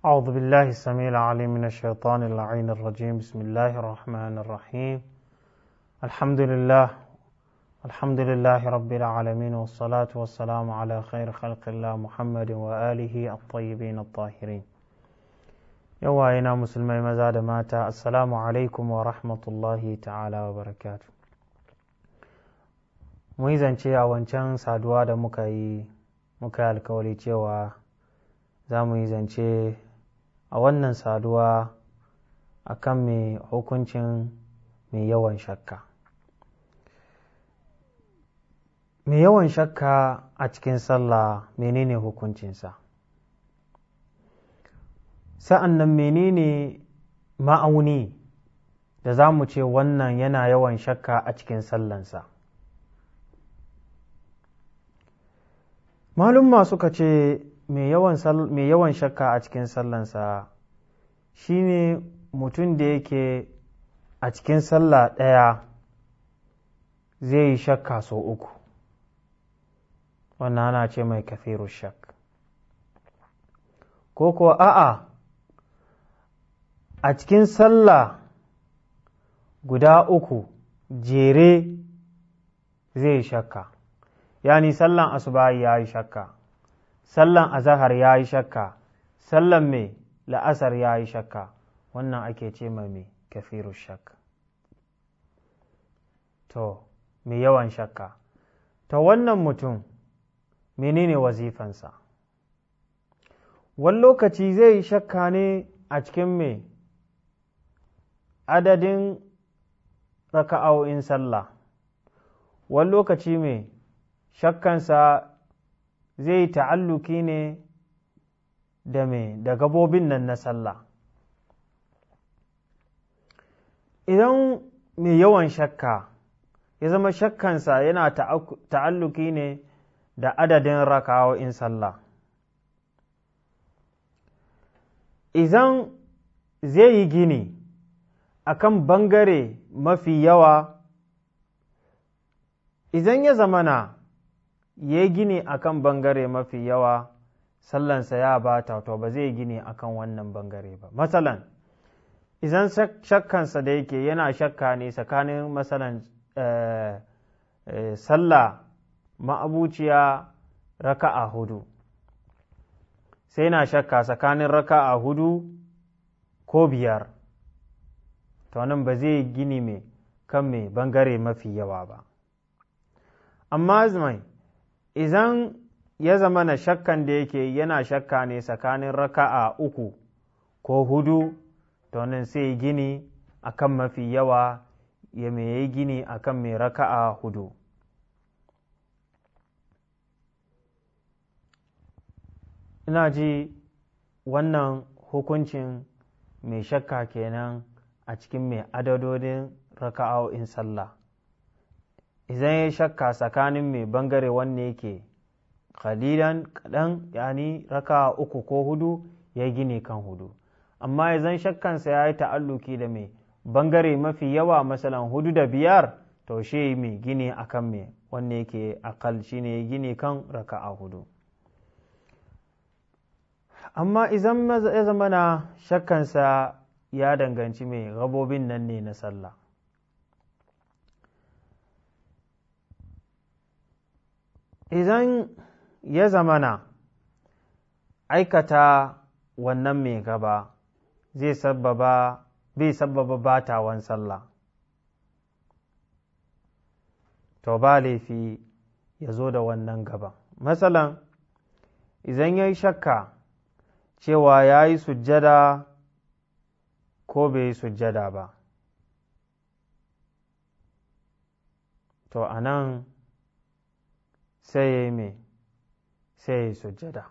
أعوذ بالله السميع العليم من الشيطان اللعين الرجيم بسم الله الرحمن الرحيم الحمد لله الحمد لله رب العالمين والصلاة والسلام على خير خلق الله محمد وآله الطيبين الطاهرين يوائنا مسلمي مزاد ماتا السلام عليكم ورحمة الله تعالى وبركاته muyi ce a wancan saduwa da muka yi muka alkawari cewa za mu yi zance a wannan saduwa a kan mai hukuncin mai yawan shakka mai yawan shakka a cikin sallah menene hukuncinsa sa'an nan menene ma'auni da za mu ce wannan yana yawan shakka a cikin sallansa malumma suka ce mai yawan shakka a cikin sallansa ne mutum da yake a cikin sallah ɗaya zai yi shakka sau uku wannan ana ce mai kafiru shak ko ko a'a a cikin sallah guda uku jere zai shakka yani sallan asuba ya yi shakka sallan azahar ya yi shakka sallan mai la'asar ya yi shakka wannan ake ce ma mai kafiru shakka to mai yawan shakka ta wannan mutum menene wazifansa wani lokaci zai shakka ne a cikin mai adadin raka'o'in sallah wani lokaci mai shakkansa zai yi ta'alluki ne da me da gabobin nan na sallah idan mai yawan shakka ya zama shakkansa yana ta'alluki ne da adadin in sallah idan zai yi gini akan bangare mafi yawa idan ya zamana ya gini a kan bangare mafi yawa sallansa ya bata to ba zai gini a kan wannan bangare ba Matsalan, idan shakkansa da yake yana shakka ne tsakanin matsalan eh, eh, sallah ma'abuciya raka'a hudu sai yana shakka tsakanin raka'a hudu ko biyar to nan ba zai gini mai kan mai bangare mafi yawa ba amma zai Izan ya zama na shakkan da yake yana shakka ne tsakanin raka'a uku ko hudu tonin sai sai gini akan mafi yawa ya mai gini akan mai raka'a hudu ina ji wannan hukuncin mai shakka kenan a cikin mai adadodin raka'o'in sallah idan ya shakka tsakanin mai bangare wanne yake khalilan kaɗan yani raka uku ko hudu ya gini kan hudu amma idan shakkansa ya yi ta'alluki da mai bangare mafi yawa masalan hudu da biyar to shi mai gini akan mai wanne yake akal shine gini kan raka'a hudu amma idan ya zama na shakkansa ya danganci mai gabobin nan ne na sallah idan ya zamana aikata wannan mai gaba zai sababa bai sababa batawan sallah to ba laifi ya zo da wannan gaba? matsalan idan ya yi shakka cewa ya yi sujjada ko bai yi sujjada ba to a nan sai ya yi sai ya yi sujjada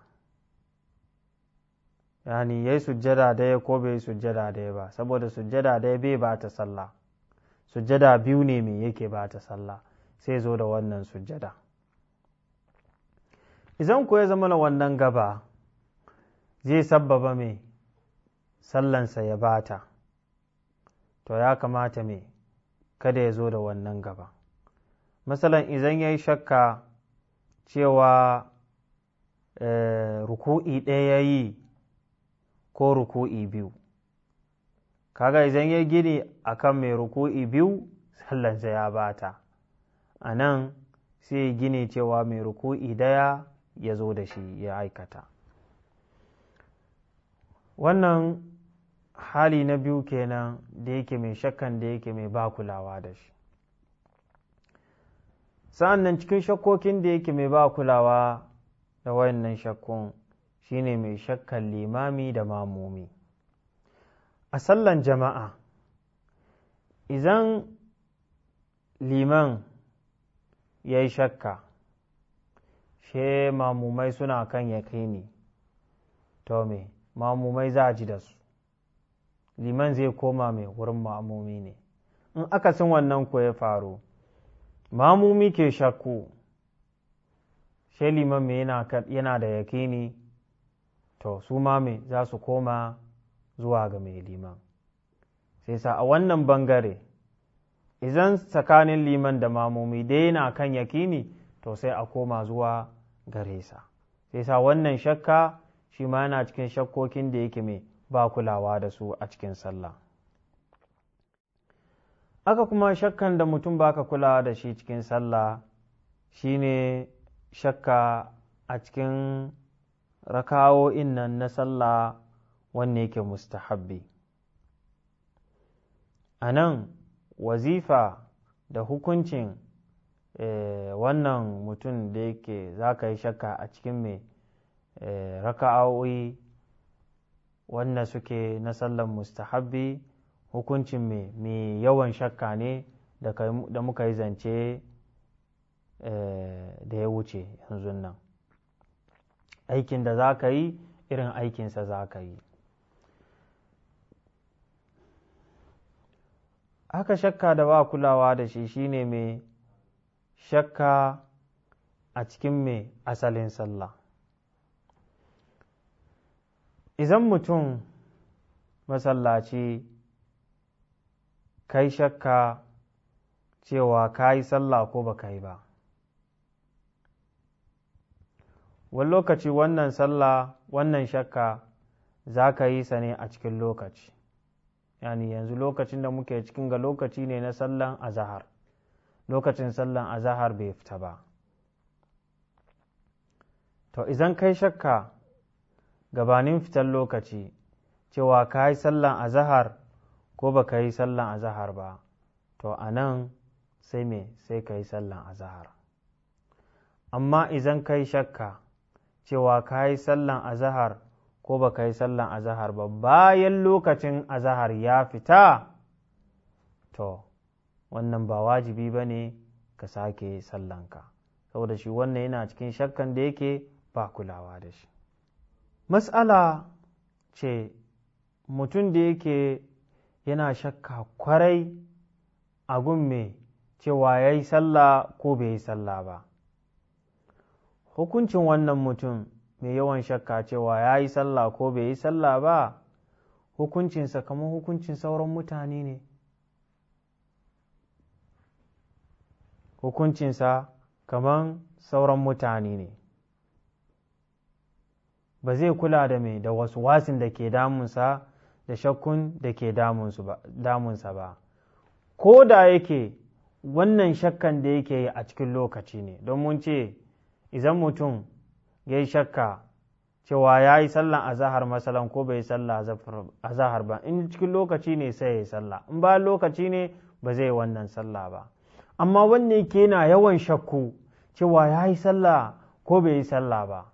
yani ya yi sujjada daya ko bai yi sujjada daya ba saboda sujjada daya bai ba ta sallah sujjada biyu ne mai yake ba ta sallah sai zo da wannan sujjada idan ku ya zama na wannan gaba zai sabbaba mai sallansa ya ba ta to ya kamata mai kada ya zo da wannan gaba masalan idan ya yi shakka cewa eh, ruku'i ɗaya ya yi ko ruku'i biyu kaga idan ya gini a kan mai ruku'i biyu sallansa ya bata a nan sai gini cewa mai ruku'i ɗaya ya zo da shi ya aikata wannan hali na biyu kenan da yake mai shakkan da yake mai ba kulawa da shi sa'an nan cikin shakkokin da yake mai ba kulawa da wayannan shakkun shine mai shakkan limami da mamomi a sallan jama'a idan liman ya yi shakka she mamumai suna kan ya kai ne to me mamumai za a ji da su liman zai koma mai wurin mamumi ne in akasin wannan ko ya faru mu ke shakku shi liman yana da yakini to su ma za su koma zuwa ga mai liman sai sa a wannan bangare idan tsakanin liman da mamomi dai yana kan yakini to sai a koma zuwa gare sa sai sa wannan shakka shi ma yana cikin shakkokin da yake mai ba kulawa da su a cikin sallah haka kuma shakkan da mutum ba ka kula da shi cikin sallah shi ne shakka a cikin rakawo nan na sallah wanne yake mustahabbi a nan wazifa da hukuncin eh, wannan mutum da yake za ka yi shakka a cikin mai eh, raka'o'i wanda suke na sallan mustahabbi hukuncin mai yawan shakka ne da muka yi zance eh, da ya wuce yanzu nan aikin da za ka yi irin aikinsa za ka yi haka shakka da ba kulawa da shi shine mai shakka a cikin mai asalin sallah idan mutum masallaci kai shakka cewa ka yi sallah ko ba ka yi ba wani lokaci wannan sallah wannan shakka za ka yi sa ne a cikin lokaci yani yanzu lokacin da muke cikin ga lokaci ne na sallan azahar lokacin sallan azahar bai fita ba to idan kai shakka gabanin fitar lokaci cewa ka yi sallan azahar ko ba ka yi sallan azahar ba to a nan sai me sai ka yi sallan azahar amma idan ka yi shakka cewa ka yi sallan azahar ko ba ka yi sallan azahar ba bayan lokacin azahar ya fita to wannan ba wajibi ba ne ka sake sallanka saboda shi wannan yana cikin shakkan da yake ba kulawa da shi matsala ce mutum da yake yana shakka kwarai a gun me cewa ya yi sallah ko bai yi sallah ba hukuncin wannan mutum mai yawan shakka cewa ya yi sallah ko bai yi sallah ba hukuncinsa kamar hukuncin sauran mutane ne hukuncinsa kamar sauran mutane ne ba zai kula da mai da wasu wasin da ke damunsa da shakkun da ke damunsa ba ko da yake wannan shakkan da yake yi a cikin lokaci ne don mun ce idan mutum ya yi shakka cewa ya yi sallan azahar masalan ko bai yi sallah azahar ba in cikin lokaci ne sai ya yi sallah in ba lokaci ne ba zai wannan sallah ba amma wanne ke na yawan shakku cewa ya yi sallah ko bai yi sallah ba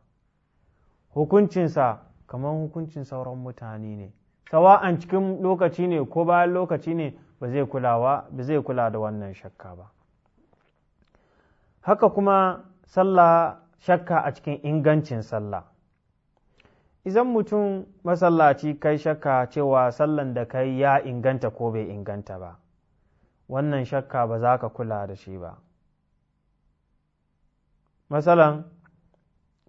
hukuncinsa kamar hukuncin sauran mutane ne sawa'an cikin lokaci ne ko bayan lokaci ne ba zai kulawa ba zai kula da wannan shakka ba haka kuma sallah shakka a cikin ingancin sallah idan mutum masallaci kai shakka cewa sallan da kai ya inganta ko bai inganta ba wannan shakka ba za ka kula da shi ba masalan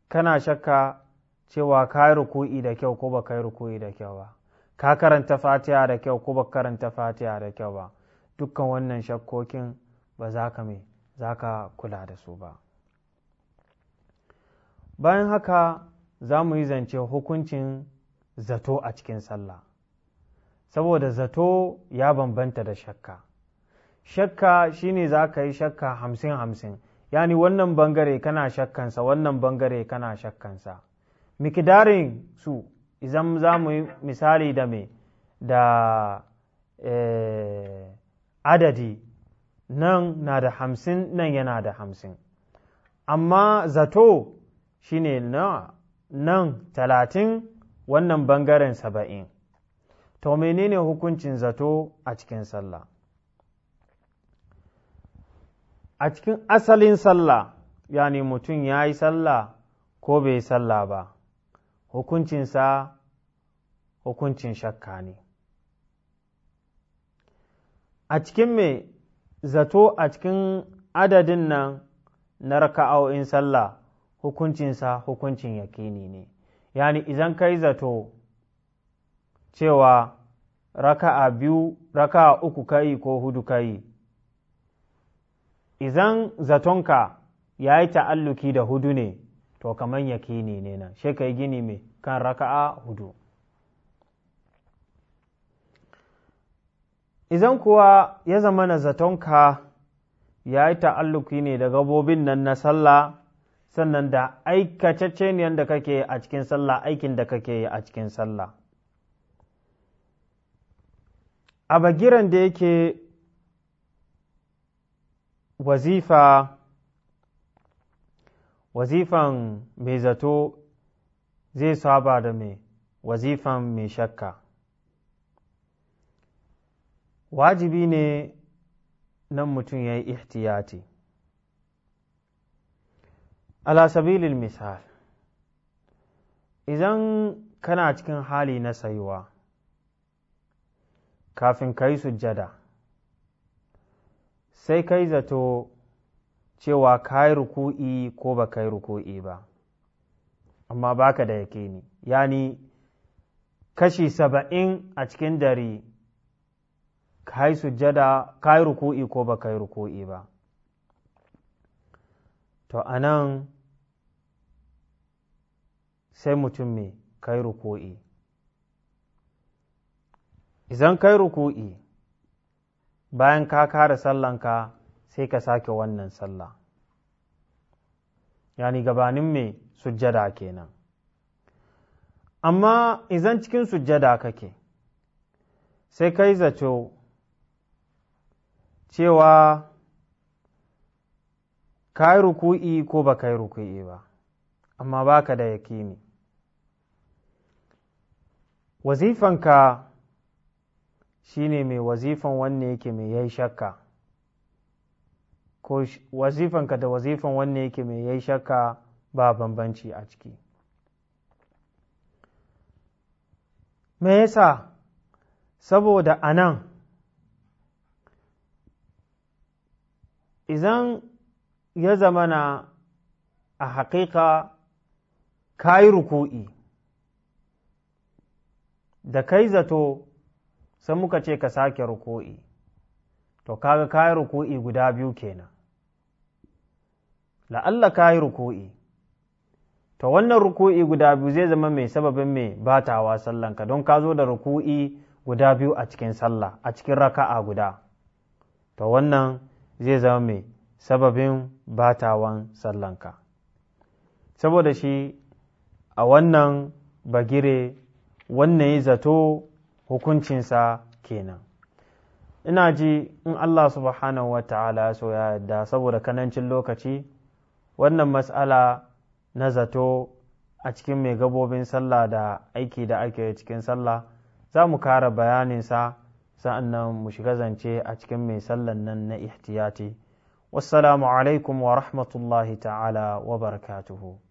kana shakka cewa ka yi ruku'i da kyau ko ba ka yi ruku'i da kyau ba ka karanta Fatiya da kyau ko ba karanta Fatiya da kyau ba dukkan wannan shakkokin ba za ka mai za ka kula da su ba bayan haka za mu yi zance hukuncin zato a cikin sallah saboda zato ya bambanta da shakka shakka shine za ka yi shakka hamsin hamsin yani wannan bangare kana shakkansa wannan bangare kana shakkansa mikidarin su idan za mu yi misali da me da eh, adadi nan na da hamsin nan yana da hamsin amma zato shi ne nan talatin wannan bangaren saba'in to menene hukuncin zato a cikin sallah a cikin asalin sallah yani mutum ya yi sallah ko bai yi sallah ba hukuncinsa hukuncin shakka ne a cikin mai zato a cikin adadin nan na raka'o'in sallah hukuncinsa hukuncin yakini ne yani idan kai zato cewa raka'a biyu raka'a uku kai ko hudu kai izan zatonka ya yi ta'alluki da hudu ne to kamar yakini ne nan shi kai gini mai kan raka'a hudu idan kuwa ya zama na zatonka ya yi ta'alluki ne da gabobin nan na sallah sannan da ne da kake a cikin sallah aikin da kake a cikin sallah a bagiran da yake wazifa wazifan mai zato zai saba da mai wazifan mai shakka wajibi ne nan mutum ya yi ihtiyati ala sabilin misal idan kana cikin hali na sayuwa kafin ka yi sujjada sai ka yi zato cewa ka yi ruku'i ko ba ka yi ruku'i ba amma baka da yake ni yani kashi saba'in a cikin dari ka yi sujjada ka yi ruku'i ko ba ka yi ruku'i ba to a nan sai mutum mai kai ruku'i ka kai ruku'i bayan ka kare sallanka sai ka sake wannan sallah yani gabanin mai sujjada kenan amma izan cikin sujjada kake sai kai zato cewa ka yi ruku'i ko ba ka yi ruku'i ba amma ba ka da yakini wazifanka shi ne mai wazifan wanne yake mai yayi shakka ko wazifanka da wazifan wanne yake mai yayi shakka ba bambanci a ciki me yasa saboda a nan idan ya na a haƙiƙa ka yi ruku'i da kai zato sai muka ce ka sake ruku'i to kaga ka yi ruku'i guda biyu kenan la'alla ka yi ruku'i to wannan ruku'i guda biyu zai zama mai sababin mai batawa sallanka don ka zo da ruku'i guda biyu a cikin sallah a cikin raka'a guda to wannan zai zama mai sababin batawan sallanka saboda shi a wannan bagire wannan yi zato hukuncinsa kenan ina ji in allah subhanahu wa ta'ala so ya yarda saboda kanancin lokaci wannan matsala na zato a cikin mai gabobin sallah da aiki da ake cikin sallah za mu kara bayaninsa sa'annan mu shiga zance a cikin mai sallan nan na ihtiyati wassalamu alaikum wa rahmatullahi ta'ala wa barakatuhu